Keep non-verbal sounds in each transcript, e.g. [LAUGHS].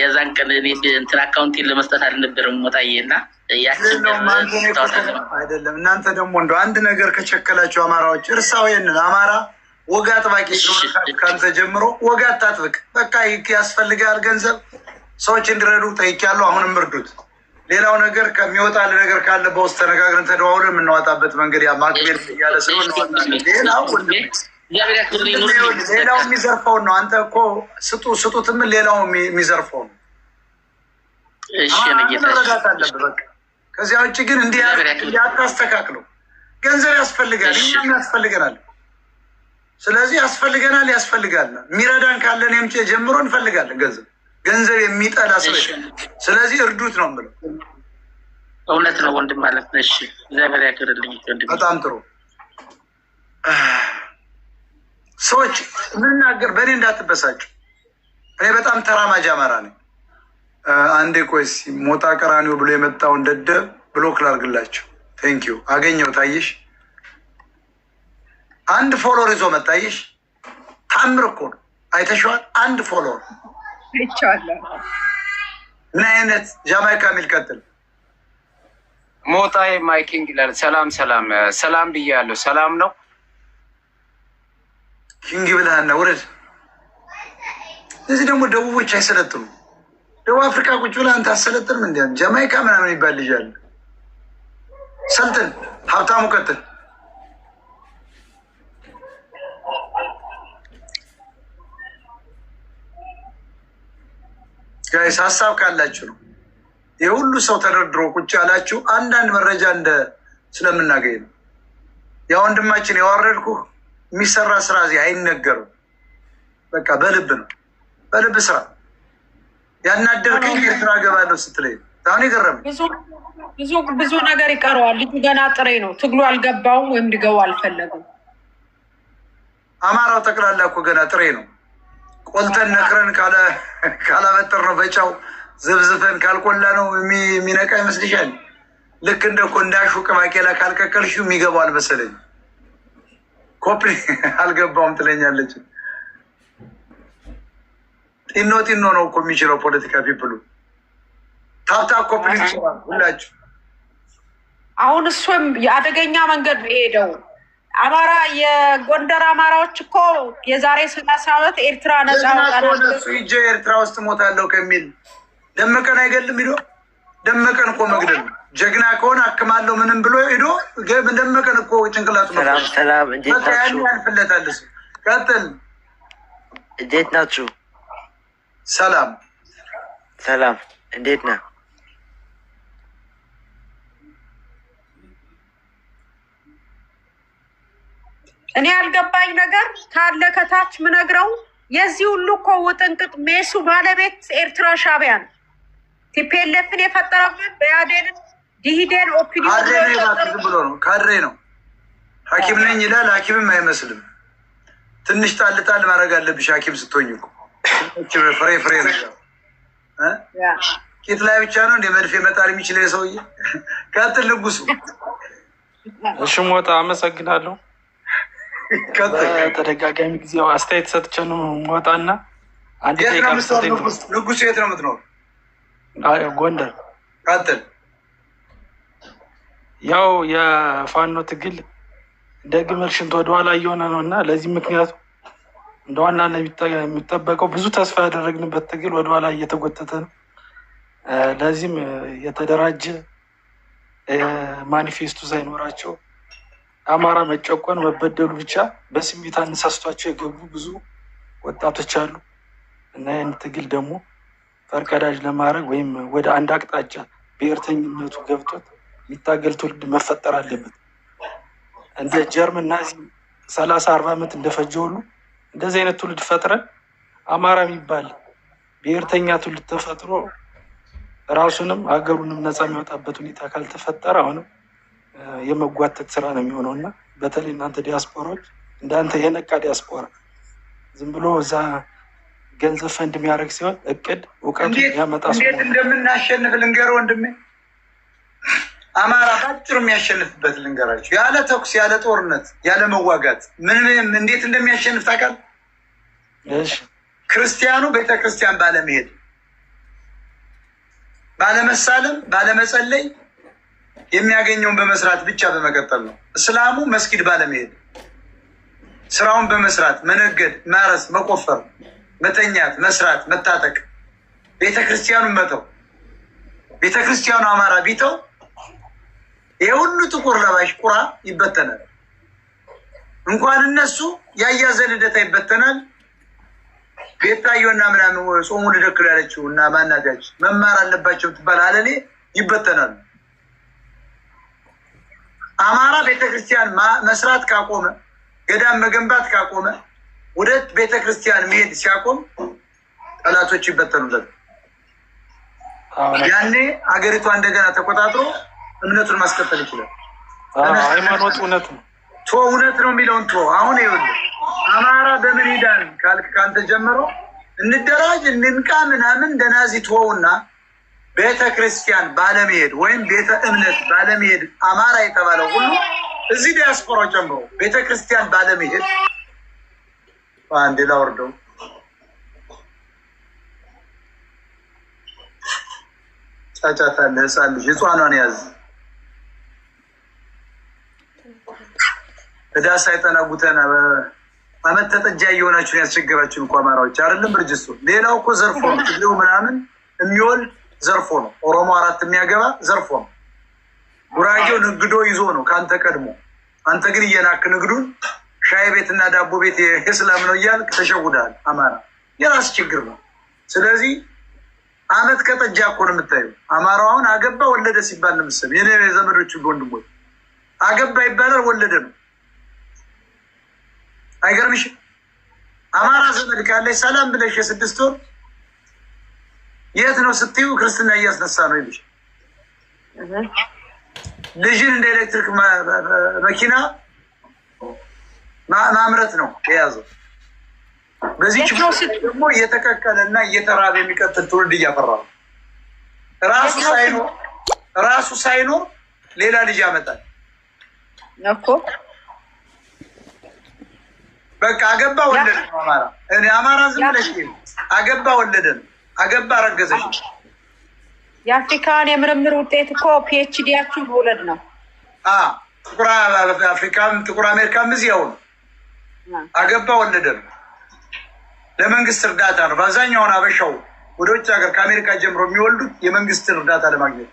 የዛን ቀን እንትን አካውንቴን ለመስጠት አልነበረም ሞታዬ እና አይደለም። እናንተ ደግሞ እንደ አንድ ነገር ከቸከላቸው አማራዎች እርሳው ይንን አማራ ወግ አጥባቂ ከአንተ ጀምሮ ወግ አታጥብቅ። በቃ ያስፈልጋል ገንዘብ ሰዎች እንዲረዱ ጠይቄያለሁ። አሁንም እርዱት። ሌላው ነገር ከሚወጣል ነገር ካለ በውስጥ ተነጋግረን ተደዋውለን የምናወጣበት መንገድ ማክቤል እያለ ስለሆነ ሌላው ሌላው የሚዘርፈው ነው። አንተ እኮ ስጡ ስጡትም ሌላው የሚዘርፈው ነው። መረዳት አለብህ። በቃ ከዚያ ውጭ ግን እንዲህ አታስተካክለው። ገንዘብ ያስፈልጋል፣ እኛም ያስፈልገናል። ስለዚህ ያስፈልገናል፣ ያስፈልጋል። የሚረዳን ካለን የምጭ ጀምሮ እንፈልጋለን ገንዘብ ገንዘብ የሚጠላ ስለዚህ እርዱት ነው የምለው። እውነት ነው ወንድም ማለት ነው። እሺ፣ እግዚአብሔር ያክብርልኝ። በጣም ጥሩ ሰዎች ምንናገር በእኔ እንዳትበሳቸው። እኔ በጣም ተራማጅ አማራ ነኝ። አንዴ ቆይስ ሞጣ ቀራኒው ብሎ የመጣውን ደደብ ብሎክ ላርግላቸው። ቴንኪዩ አገኘው ታይሽ አንድ ፎሎር ይዞ መታይሽ። ታምር እኮ ነው። አይተሸዋል። አንድ ፎሎር ምን አይነት ጃማይካ ሚል ቀጥል ሞጣዬ ማይኪንግ ይላል። ሰላም ሰላም ሰላም ብያለሁ። ሰላም ነው ኪንግ ብለሃና ውረድ። እዚህ ደግሞ ደቡቦች አይሰለጥኑ። ደቡብ አፍሪካ ቁጭ ብለህ አንተ አሰለጥንም። እንዲያም ጃማይካ ምናምን ይባል ልጅ አለ። ሰልጥን ሀብታሙ፣ ቀጥል። ጋይስ ሀሳብ ካላችሁ ነው። የሁሉ ሰው ተደርድሮ ቁጭ ያላችሁ አንዳንድ መረጃ እንደ ስለምናገኝ ነው። ያ ወንድማችን ያዋረድኩህ የሚሰራ ስራ እዚህ አይነገሩም። በቃ በልብ ነው፣ በልብ ስራ ያናደርከኝ ኤርትራ እገባለሁ ስትለኝ አሁን የገረመኝ ብዙ ብዙ ነገር ይቀረዋል። ልጁ ገና ጥሬ ነው። ትግሉ አልገባውም ወይም ሊገባው አልፈለግም። አማራው ጠቅላላ እኮ ገና ጥሬ ነው። ቆልተን ነክረን ካላበጠር ነው በጫው ዘብዝፈን ካልቆላ ነው የሚነቃ ይመስልሻል? ልክ እንደ ኮንዳሹ ቅባቄላ ካልቀቀልሽ የሚገባው አልመሰለኝ ኮፒ [LAUGHS] አልገባውም ትለኛለች። ጢኖ ጢኖ ነው እኮ የሚችለው ፖለቲካ ፒፕሉ። ታብታ ኮፒ ይችላል ሁላችሁ። አሁን እሱም የአደገኛ መንገድ ሄደው አማራ የጎንደር አማራዎች እኮ የዛሬ ሰላሳ ዓመት ኤርትራ ነጻ ወጣሱ ኤርትራ ውስጥ ሞታለሁ ከሚል ደመቀን አይገልም ሂዶ ደመቀን እኮ መግደል ነው ጀግና ከሆነ አክማለሁ ምንም ብሎ ሄዶ እንደመቀን እኮ ጭንቅላቱ ያልፍለታልስ። ቀጥል። እንዴት ናችሁ? ሰላም ሰላም። እንዴት ነህ? እኔ ያልገባኝ ነገር ካለ ከታች ምነግረው የዚህ ሁሉ እኮ ውጥንቅጥ ሜሱ ባለቤት ኤርትራ ሻቢያን ቲፔለፍን የፈጠረበት በያዴንን ዲሂደር ነው ኦፒዲዝም ብሎ ነው ካድሬ ነው። ሐኪም ነኝ ይላል። ሐኪምም አይመስልም። ትንሽ ጣል ጣል ማድረግ አለብሽ ሐኪም ስትሆኝ እኮ ፍሬ ፍሬ ነው ቂጥ ላይ ብቻ ነው እንደ መድፌ መጣል የሚችል የሰውዬ ቀጥል። ንጉሱ እሺ፣ ሞጣ አመሰግናለሁ። ተደጋጋሚ ጊዜ አስተያየት ሰጥቼ ነው ሞጣና አንድ ንጉሱ የት ነው የምትኖር? ጎንደር። ቀጥል ያው የፋኖ ትግል ደግ ሽንት ወደኋላ እየሆነ ነው እና ለዚህ ምክንያቱ እንደ ዋና የሚጠበቀው ብዙ ተስፋ ያደረግንበት ትግል ወደኋላ እየተጎተተ ነው። ለዚህም የተደራጀ ማኒፌስቱ ሳይኖራቸው አማራ መጨቆን መበደሉ ብቻ በስሜት አነሳስቷቸው የገቡ ብዙ ወጣቶች አሉ እና ይህን ትግል ደግሞ ፈርቀዳጅ ለማድረግ ወይም ወደ አንድ አቅጣጫ ብሔርተኝነቱ ገብቶት የሚታገል ትውልድ መፈጠር አለበት። እንደ ናዚ ሰላሳ አርባ ዓመት እንደፈጀ ሁሉ እንደዚህ አይነት ትውልድ ፈጥረን አማራ የሚባል ብሔርተኛ ትውልድ ተፈጥሮ ራሱንም ሀገሩንም ነፃ የሚወጣበት ሁኔታ ካልተፈጠረ አሁንም የመጓተት ስራ ነው የሚሆነው እና በተለይ እናንተ ዲያስፖራዎች እንዳንተ የነቃ ዲያስፖራ ዝም ብሎ እዛ ገንዘብ ፈንድ የሚያደርግ ሲሆን እቅድ እውቀቱ ያመጣ እንደምናሸንፍ ልንገር ወንድሜ አማራ ባጭሩ የሚያሸንፍበት ልንገራችሁ። ያለ ተኩስ፣ ያለ ጦርነት፣ ያለ መዋጋት ምንም እንዴት እንደሚያሸንፍ ታውቃለህ? ክርስቲያኑ ቤተክርስቲያን ባለመሄድ፣ ባለመሳለም፣ ባለመጸለይ የሚያገኘውን በመስራት ብቻ በመቀጠል ነው። እስላሙ መስጊድ ባለመሄድ፣ ስራውን በመስራት መነገድ፣ ማረስ፣ መቆፈር፣ መተኛት፣ መስራት፣ መታጠቅ፣ ቤተክርስቲያኑን መተው ቤተክርስቲያኑ አማራ ቢተው የሁሉ ጥቁር ለባሽ ቁራ ይበተናል። እንኳን እነሱ ያያዘ ልደታ ይበተናል። ቤታየና ምናምን ጾሙ ልደክሉ ያለችው እና ማናጃች መማር አለባቸው ትባል አለሌ ይበተናሉ። አማራ ቤተክርስቲያን መስራት ካቆመ፣ ገዳም መገንባት ካቆመ፣ ወደ ቤተክርስቲያን መሄድ ሲያቆም ጠላቶች ይበተኑለታል። ያኔ አገሪቷ እንደገና ተቆጣጥሮ እምነቱን ማስቀጠል ይችላል። ሃይማኖት እውነት ነው። ቶ እውነት ነው የሚለውን ቶ አሁን ይሁን አማራ በምን ሂዳን ካልክ ካንተ ጀምሮ እንደራጅ እንንቃ ምናምን ደናዚ ቶውና ቤተ ክርስቲያን ባለመሄድ ወይም ቤተ እምነት ባለመሄድ አማራ የተባለው ሁሉ እዚህ ዲያስፖራ ጀምሮ ቤተ ክርስቲያን ባለመሄድ አንዴ ላወርደው ጫጫታ ለህፃን ልጅ ህፃኗን ያዝ ዳሳ የጠናጉተና አመት ተጠጃ እየሆናችሁን ያስቸገራችሁን እኮ አማራዎች አይደለም ብርጅሱ። ሌላው እኮ ዘርፎ ነው ትግሬው ምናምን የሚወል ዘርፎ ነው። ኦሮሞ አራት የሚያገባ ዘርፎ ነው። ጉራጌው ንግዶ ይዞ ነው ከአንተ ቀድሞ። አንተ ግን እየናክ ንግዱን ሻይ ቤትና ዳቦ ቤት የስላም ነው እያልክ ተሸውዳል። አማራ የራስ ችግር ነው። ስለዚህ አመት ከጠጃ እኮ ነው የምታየው። አማራውን አገባ ወለደ ሲባል ለምሳሌ የኔ ዘመዶች ወንድሞች አገባ ይባላል፣ ወለደ ነው አይገርምሽ? አማራ ዘመድ ካለሽ ሰላም ብለሽ የስድስት ወር የት ነው ስትዩ ክርስትና እያስነሳ ነው ይልሽ። ልጅን እንደ ኤሌክትሪክ መኪና ማምረት ነው የያዘው። በዚህ ደግሞ እየተቀቀለ እና እየተራበ የሚቀጥል ትውልድ እያፈራ ነው። ራሱ ሳይኖር ራሱ ሳይኖር ሌላ ልጅ ያመጣል እኮ በቃ አገባ ወለደ አማራ። እኔ አማራ ዝም ብለሽ አገባ ወለደ አገባ ረገዘች። የአፍሪካን የምርምር ውጤት እኮ ፒኤችዲያችሁ መውለድ ነው። ጥቁር አፍሪካም ጥቁር አሜሪካም እዚያው ነው። አገባ ወለደ ለመንግስት እርዳታ ነው። በአብዛኛውን አበሻው ወደ ውጭ ሀገር ከአሜሪካ ጀምሮ የሚወልዱት የመንግስት እርዳታ ለማግኘት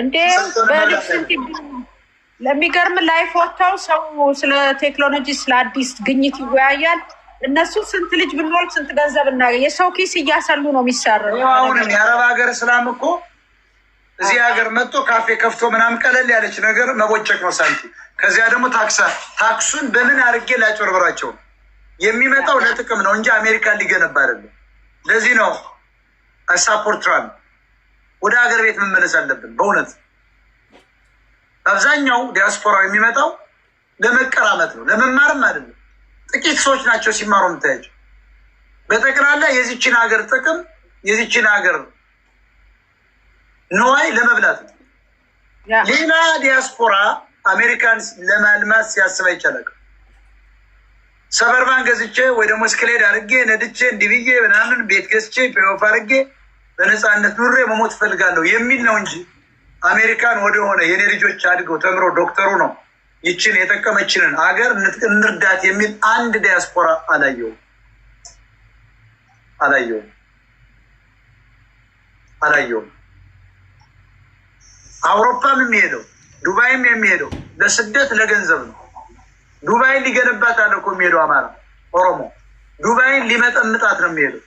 እንዴ በልብስን ለሚገርም ላይፎቻው ሰው ስለ ቴክኖሎጂ ስለ አዲስ ግኝት ይወያያል። እነሱ ስንት ልጅ ብንወልድ ስንት ገንዘብ እናገኝ፣ የሰው ኪስ እያሰሉ ነው የሚሰራው። አሁንም የአረብ ሀገር እስላም እኮ እዚህ ሀገር መጥቶ ካፌ ከፍቶ ምናምን ቀለል ያለች ነገር መቦጨቅ ነው ሳንቲም። ከዚያ ደግሞ ታክሳ ታክሱን በምን አድርጌ ላጭበርብራቸው የሚመጣው ለጥቅም ነው እንጂ አሜሪካን ሊገነባ አይደለም። ለዚህ ነው ሳፖርት ትራምፕ ወደ ሀገር ቤት መመለስ አለብን በእውነት አብዛኛው ዲያስፖራው የሚመጣው ለመቀራመጥ ነው፣ ለመማርም አይደለም። ጥቂት ሰዎች ናቸው ሲማሩ የምታያቸው። በጠቅላላ የዚችን ሀገር ጥቅም የዚችን ሀገር ንዋይ ለመብላት ነው። ሌላ ዲያስፖራ አሜሪካን ለማልማት ሲያስብ አይቻላል። ሰበርባን ገዝቼ ወይ ደግሞ ስክሌድ አርጌ ነድቼ እንዲብዬ ምናምን ቤት ገዝቼ ፔዮፍ አርጌ በነፃነት ኑሬ መሞት እፈልጋለሁ የሚል ነው እንጂ አሜሪካን ወደሆነ የኔ ልጆች አድገው ተምሮ ዶክተሩ ነው ይችን የጠቀመችንን አገር እንርዳት የሚል አንድ ዲያስፖራ አላየውም አላየውም አላየውም። አውሮፓም የሚሄደው ዱባይም የሚሄደው ለስደት ለገንዘብ ነው። ዱባይን ሊገነባት አለ እኮ የሚሄደው አማራ ኦሮሞ፣ ዱባይን ሊመጠምጣት ነው የሚሄደው።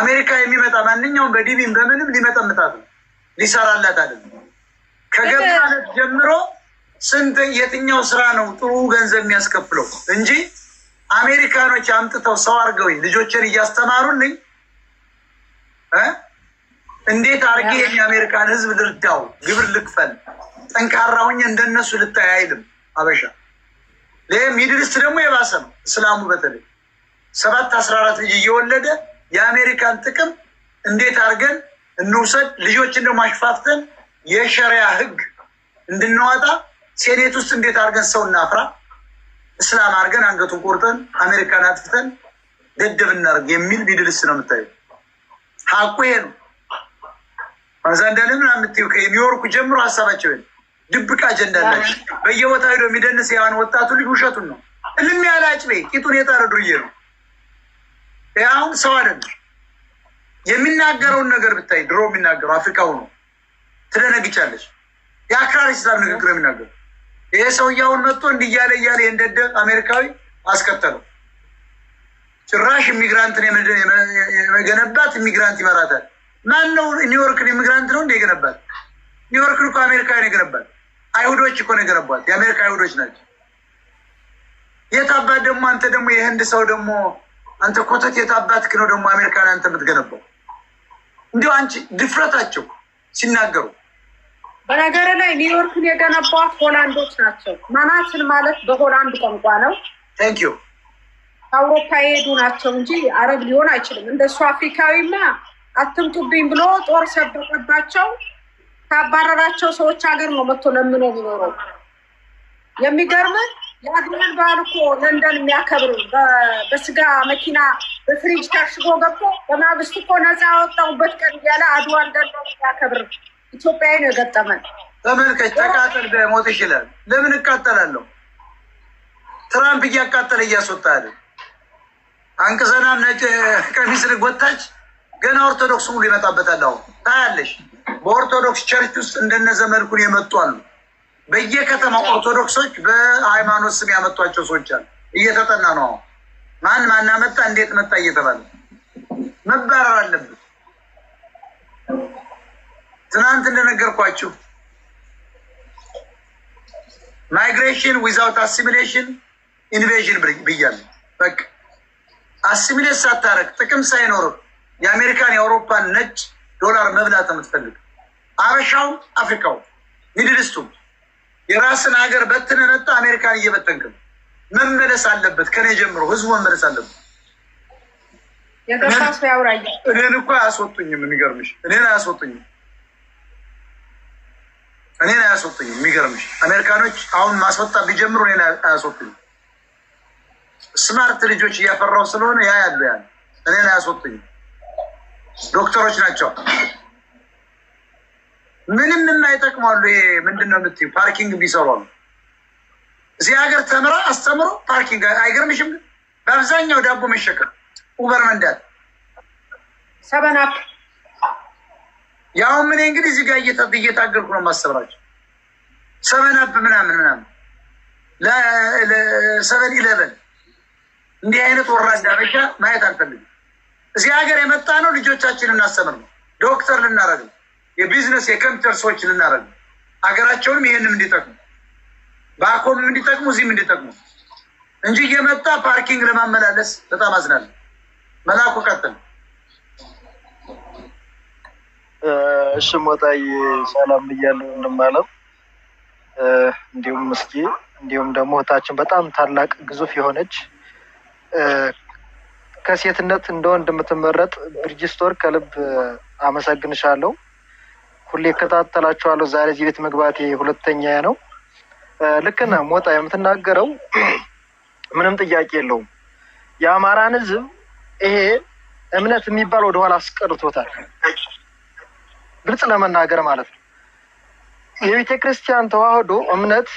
አሜሪካ የሚመጣ ማንኛውም በዲቪን በምንም ሊመጠምጣት ነው። ሊሰራላት አይደለም። ከገባ ጀምሮ ስንት የትኛው ስራ ነው ጥሩ ገንዘብ የሚያስከፍለው እንጂ አሜሪካኖች አምጥተው ሰው አድርገውኝ ልጆችን እያስተማሩልኝ እንዴት አድርጌ የአሜሪካን ህዝብ ልርዳው፣ ግብር ልክፈል፣ ጠንካራውኝ እንደነሱ ልታይ አይልም አበሻ። ሚድልስት ደግሞ የባሰ ነው። እስላሙ በተለይ ሰባት አስራ አራት ልጅ እየወለደ የአሜሪካን ጥቅም እንዴት አድርገን እንውሰድ። ልጆችን ደግሞ አሽፋፍተን የሸሪያ ህግ እንድናወጣ ሴኔት ውስጥ እንዴት አድርገን ሰው እናፍራ፣ እስላም አድርገን አንገቱን ቆርጠን አሜሪካን አጥፍተን ደደብ እናደርግ የሚል ቢድልስ ነው የምታየው። ሀቁ ይሄ ነው። ማዛንዳን ምናምን ከኒውዮርኩ ጀምሮ ሀሳባቸው ድብቅ አጀንዳ አላቸው። በየቦታ ሄዶ የሚደንስ ያዋን ወጣቱ ልጅ ውሸቱን ነው። እልም ያለ አጭቤ ቂጡን የጣረ ዱርዬ ነው። አሁን ሰው አይደለም። የሚናገረውን ነገር ብታይ ድሮ የሚናገረው አፍሪካ ሆኖ ትደነግቻለች። የአክራሪ ስላም ንግግር የሚናገሩ ይሄ ሰውየውን መጥቶ እንዲህ እያለ እያለ እንደደ አሜሪካዊ አስከተለው። ጭራሽ ኢሚግራንትን የመገነባት ኢሚግራንት ይመራታል። ማን ነው ኒውዮርክን? ኢሚግራንት ነው እንደ የገነባት። ኒውዮርክን እኮ አሜሪካዊ ነው የገነባት። አይሁዶች እኮ ነው የገነባት። የአሜሪካ አይሁዶች ናቸው። የታባት ደግሞ አንተ ደግሞ የህንድ ሰው ደግሞ አንተ ኮተት የታባት ክነው ደግሞ አሜሪካን አንተ የምትገነባው እንዲሁ አንቺ ድፍረታቸው ሲናገሩ በነገር ላይ ኒውዮርክን የገነባት ሆላንዶች ናቸው። ማናትን ማለት በሆላንድ ቋንቋ ነው። ታንኪዩ አውሮፓ የሄዱ ናቸው እንጂ አረብ ሊሆን አይችልም። እንደሱ አፍሪካዊማ አትምጡብኝ ብሎ ጦር ሰበቀባቸው። ካባረራቸው ሰዎች ሀገር ነው መጥቶ ለምኖ የሚኖረው የሚገርምን የሀገርን ባህል እኮ ለንደን የሚያከብሩ በስጋ መኪና በፍሪጅ ታሽጎ ገብቶ በማግስቱ እኮ ነፃ ያወጣውበት ቀን እያለ አድዋን ገድሎ የሚያከብር ኢትዮጵያዊ ነው የገጠመን። ተመልከች፣ ተቃጠል ሞት ይችላል። ለምን እቃጠላለሁ? ትራምፕ እያቃጠለ እያስወጣል። አንቅሰናም ነጭ ቀሚስ ልጎታች ገና ኦርቶዶክስ ሁሉ ይመጣበታል። አሁን ታያለሽ፣ በኦርቶዶክስ ቸርች ውስጥ እንደነዘ መልኩን የመጡ አሉ። በየከተማው ኦርቶዶክሶች በሃይማኖት ስም ያመጧቸው ሰዎች አሉ። እየተጠና ነው። ማን ማና መጣ፣ እንዴት መጣ እየተባለ መባረር አለበት ትናንት እንደነገርኳችሁ ማይግሬሽን ዊዛውት አሲሚሌሽን ኢንቬዥን ብያለሁ። በቃ አሲሚሌት ሳታረግ ጥቅም ሳይኖር የአሜሪካን የአውሮፓን ነጭ ዶላር መብላት የምትፈልግ አበሻው፣ አፍሪካው፣ ሚድልስቱ የራስን ሀገር በትነህ ነጣ አሜሪካን እየበተንክ ነው። መመለስ አለበት። ከኔ ጀምሮ ህዝቡ መመለስ አለበት። እኔን እኮ አያስወጡኝም። የሚገርምሽ እኔን አያስወጡኝም። እኔን አያስወጡኝም። የሚገርምሽ አሜሪካኖች አሁን ማስወጣ ቢጀምሩ እኔን አያስወጡኝም። ስማርት ልጆች እያፈራው ስለሆነ ያ ያሉ ያ እኔን አያስወጡኝም። ዶክተሮች ናቸው። ምንም የማይጠቅማሉ። ይሄ ምንድን ነው የምትይው? ፓርኪንግ ቢሰሩ እዚህ ሀገር ተምራ አስተምሮ ፓርኪንግ አይገርምሽም? በአብዛኛው ዳቦ መሸከም፣ ኡበር መንዳት፣ ሰበናፕ ያሁን ምን እንግዲህ እዚህ ጋር እየታገልኩ ነው የማሰብራቸው ሰበናፕ ምናምን ምናምን ሰበን ኢለቨን እንዲህ አይነት ወራዳ መጃ ማየት አልፈልግም። እዚህ ሀገር የመጣ ነው ልጆቻችን ልናስተምር ነው ዶክተር ልናረግ ነው የቢዝነስ የኮምፒውተር ሰዎችን እናደረግ ሀገራቸውንም ይህንም እንዲጠቅሙ በአኮም እንዲጠቅሙ እዚህም እንዲጠቅሙ እንጂ እየመጣ ፓርኪንግ ለማመላለስ በጣም አዝናለሁ። መላኩ ቀጥል። እሺ ሞጣይ ሰላም ብያለሁ። እንማለም እንዲሁም እስኪ እንዲሁም ደግሞ እህታችን በጣም ታላቅ ግዙፍ የሆነች ከሴትነት እንደ ወንድ የምትመረጥ ብርጅስቶር ከልብ አመሰግንሻለሁ። ሁሌ እከታተላቸዋለሁ። ዛሬ እዚህ ቤት መግባቴ ሁለተኛ ነው። ልክ ነህ ሞጣ፣ የምትናገረው ምንም ጥያቄ የለውም። የአማራን ህዝብ ይሄ እምነት የሚባል ወደኋላ አስቀርቶታል። ግልጽ ለመናገር ማለት ነው የቤተ ክርስቲያን ተዋህዶ እምነት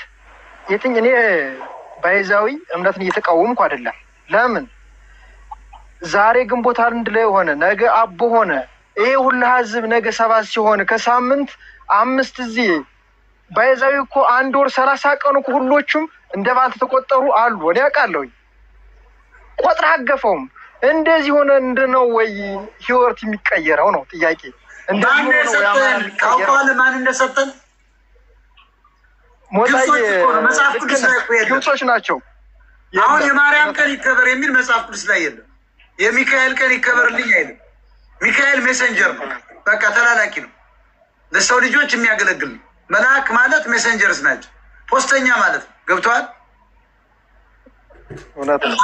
የትኝ እኔ ባይዛዊ እምነትን እየተቃወምኩ አይደለም። ለምን ዛሬ ግንቦት አንድ ላይ ሆነ ነገ አቦ ሆነ ይህ ሁላ ህዝብ ነገ ሰባት ሲሆን ከሳምንት አምስት እዚህ ባይዛዊ እኮ አንድ ወር ሰላሳ ቀኑ እኮ ሁሎቹም እንደ ባንተ ተቆጠሩ አሉ። እኔ አውቃለሁኝ ቆጥር አገፈውም እንደዚህ ሆነ እንድነው ወይ ህይወት የሚቀየረው ነው ጥያቄ። እንደሆነ ማን እንደሰጠን መጽሐፍ ቅዱስ ግብጾች ናቸው። አሁን የማርያም ቀን ይከበር የሚል መጽሐፍ ቅዱስ ላይ የለም። የሚካኤል ቀን ይከበርልኝ አይልም። ሚካኤል ሜሰንጀር ነው። በቃ ተላላኪ ነው፣ ለሰው ልጆች የሚያገለግል ነው። መልአክ ማለት ሜሰንጀርስ ናቸው፣ ፖስተኛ ማለት ነው። ገብተዋል።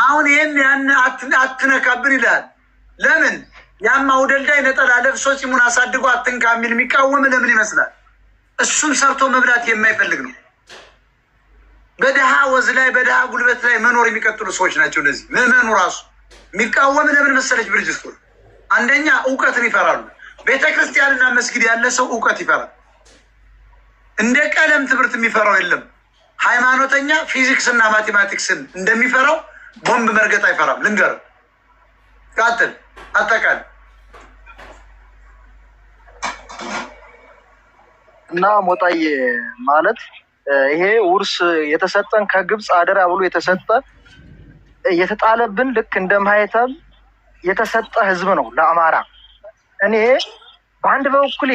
አሁን ይህን ያን አትነካብን ይላል። ለምን ያማ ውደልዳይ ነጠላ ለብሶ ፂሙን አሳድጎ አትንካ የሚል የሚቃወም ለምን ይመስላል? እሱም ሰርቶ መብላት የማይፈልግ ነው። በድሃ ወዝ ላይ በድሃ ጉልበት ላይ መኖር የሚቀጥሉ ሰዎች ናቸው። እነዚህ ምዕመኑ ራሱ የሚቃወም ለምን መሰለች ብርጅስቶ አንደኛ እውቀትን ይፈራሉ። ቤተ ክርስቲያንና መስጊድ ያለ ሰው እውቀት ይፈራል። እንደ ቀለም ትምህርት የሚፈራው የለም። ሃይማኖተኛ ፊዚክስና ማቴማቲክስን እንደሚፈራው ቦምብ መርገጥ አይፈራም። ልንገር ቃጥል አጠቃል እና ሞጣዬ ማለት ይሄ ውርስ የተሰጠን ከግብፅ አደራ ብሎ የተሰጠ እየተጣለብን ልክ እንደ ማህተም የተሰጠ ህዝብ ነው ለአማራ። እኔ በአንድ በኩሌ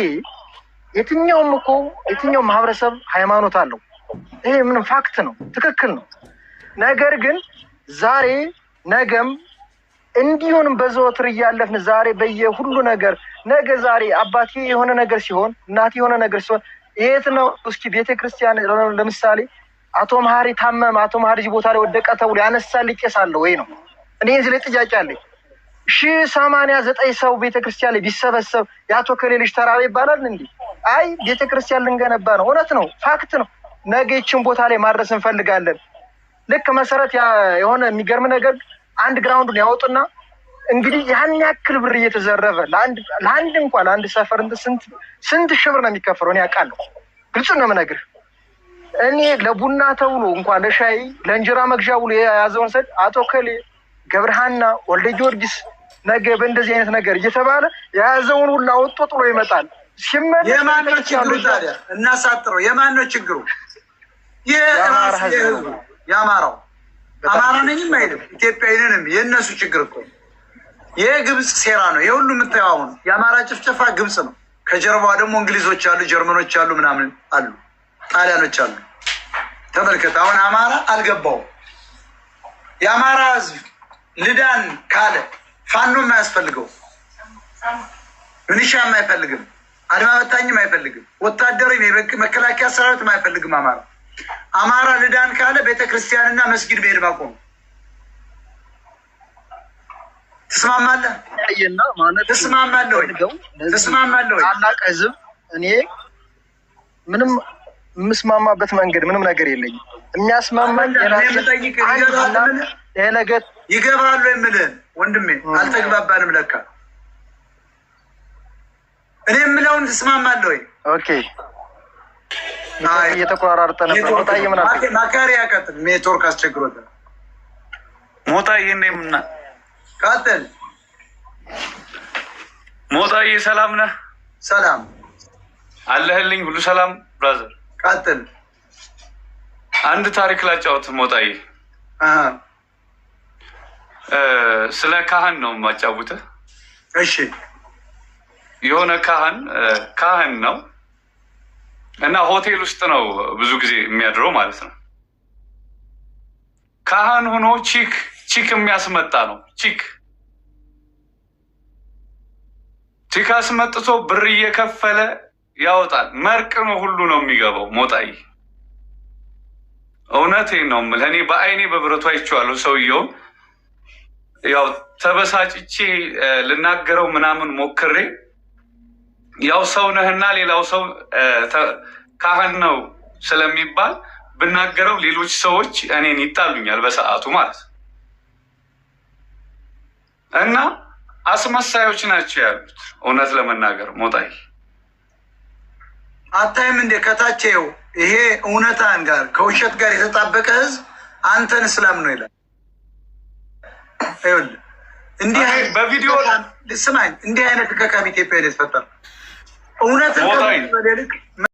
የትኛውም እኮ የትኛው ማህበረሰብ ሃይማኖት አለው። ይሄ ምንም ፋክት ነው፣ ትክክል ነው። ነገር ግን ዛሬ ነገም እንዲሁንም በዘወትር እያለፍን ዛሬ በየሁሉ ነገር ነገ ዛሬ አባቴ የሆነ ነገር ሲሆን እናቴ የሆነ ነገር ሲሆን የት ነው እስኪ ቤተ ክርስቲያን ለምሳሌ አቶ መሀሪ ታመመ አቶ መሀሪ ቦታ ላይ ወደቀ ተብሎ ያነሳል ቄስ አለ ወይ ነው? እኔ እዚህ ላይ ጥያቄ አለኝ። ሺህ ሰማንያ ዘጠኝ ሰው ቤተክርስቲያን ላይ ቢሰበሰብ የአቶ ከሌሎች ልጅ ተራራ ይባላል እንዴ? አይ ቤተክርስቲያን ልንገነባ ነው። እውነት ነው፣ ፋክት ነው። ነገ ይችን ቦታ ላይ ማድረስ እንፈልጋለን። ልክ መሰረት የሆነ የሚገርም ነገር አንድ ግራውንዱን ያወጡና እንግዲህ ያን ያክል ብር እየተዘረፈ ለአንድ እንኳ ለአንድ ሰፈር ስንት ሺህ ብር ነው የሚከፈለው? እኔ አውቃለሁ። ግልጽ ነው የምነግርህ። እኔ ለቡና ተብሎ እንኳ ለሻይ ለእንጀራ መግዣ ብሎ የያዘውን ሰድ አቶ ከሌ ገብርሃና ወልደ ጊዮርጊስ ነገ በእንደዚህ አይነት ነገር እየተባለ የያዘውን ሁሉ አውጥቶ ጥሎ ይመጣል። ሲመለስ የማን ነው ችግሩ ታዲያ? እናሳጥረው። የማን ነው ችግሩ? የአማራው አማራ ነኝም አይልም ኢትዮጵያዊንንም የእነሱ ችግር እኮ የግብፅ ሴራ ነው። የሁሉ የምታየው የአማራ ጭፍጨፋ ግብፅ ነው። ከጀርባዋ ደግሞ እንግሊዞች አሉ፣ ጀርመኖች አሉ፣ ምናምን አሉ፣ ጣሊያኖች አሉ። ተመልከት። አሁን አማራ አልገባውም። የአማራ ህዝብ ልዳን ካለ ፋኖም አያስፈልገውም። ምንሻም አይፈልግም። አድማ በታኝም አይፈልግም። ወታደርም መከላከያ ሰራዊትም አይፈልግም። አማራ አማራ ልዳን ካለ ቤተክርስቲያንና መስጊድ መሄድ ማቆም ትስማማለህ? ህዝብ እኔ ምንም የምስማማበት መንገድ ምንም ነገር የለኝም። የሚያስማማኝ የራሴ ይሄ ነገር ይገባሉ የምልህ ወንድሜ፣ አልተግባባንም ለካ። እኔ የምለውን ትስማማለህ ወይ? ኦኬ እየተቆራረጠ ነበር። ማካሪ ያቀጥል ኔትወርክ አስቸግሮታል። ሞጣዬ እንደ ምና ቀጥል። ሞጣዬ ሰላም ነህ? ሰላም አለህልኝ? ሁሉ ሰላም ብራዘር። ቀጥል። አንድ ታሪክ ላጫውት ሞጣዬ ስለ ካህን ነው የማጫውትህ። እሺ። የሆነ ካህን ካህን ነው እና ሆቴል ውስጥ ነው ብዙ ጊዜ የሚያድረው ማለት ነው። ካህን ሆኖ ቺክ ቺክ የሚያስመጣ ነው። ቺክ ቺክ አስመጥቶ ብር እየከፈለ ያወጣል። መርቅ ነው ሁሉ ነው የሚገባው። ሞጣይ እውነቴን ነው የምልህ እኔ በአይኔ በብረቱ አይቼዋለሁ ሰውየውን ያው ተበሳጭቼ ልናገረው ምናምን ሞክሬ ያው ሰው ነህና ሌላው ሰው ካህን ነው ስለሚባል ብናገረው ሌሎች ሰዎች እኔን ይጣሉኛል በሰዓቱ ማለት እና አስመሳዮች ናቸው ያሉት። እውነት ለመናገር ሞጣይ አታይም እንዴ? ከታቸው ይሄ እውነታን ጋር ከውሸት ጋር የተጣበቀ ህዝብ አንተን እስላም ነው ይላል። እንዲህ በቪዲዮ ስማኝ፣ እንዲህ አይነት ከካም ኢትዮጵያ ላይ ተፈጠረ እውነት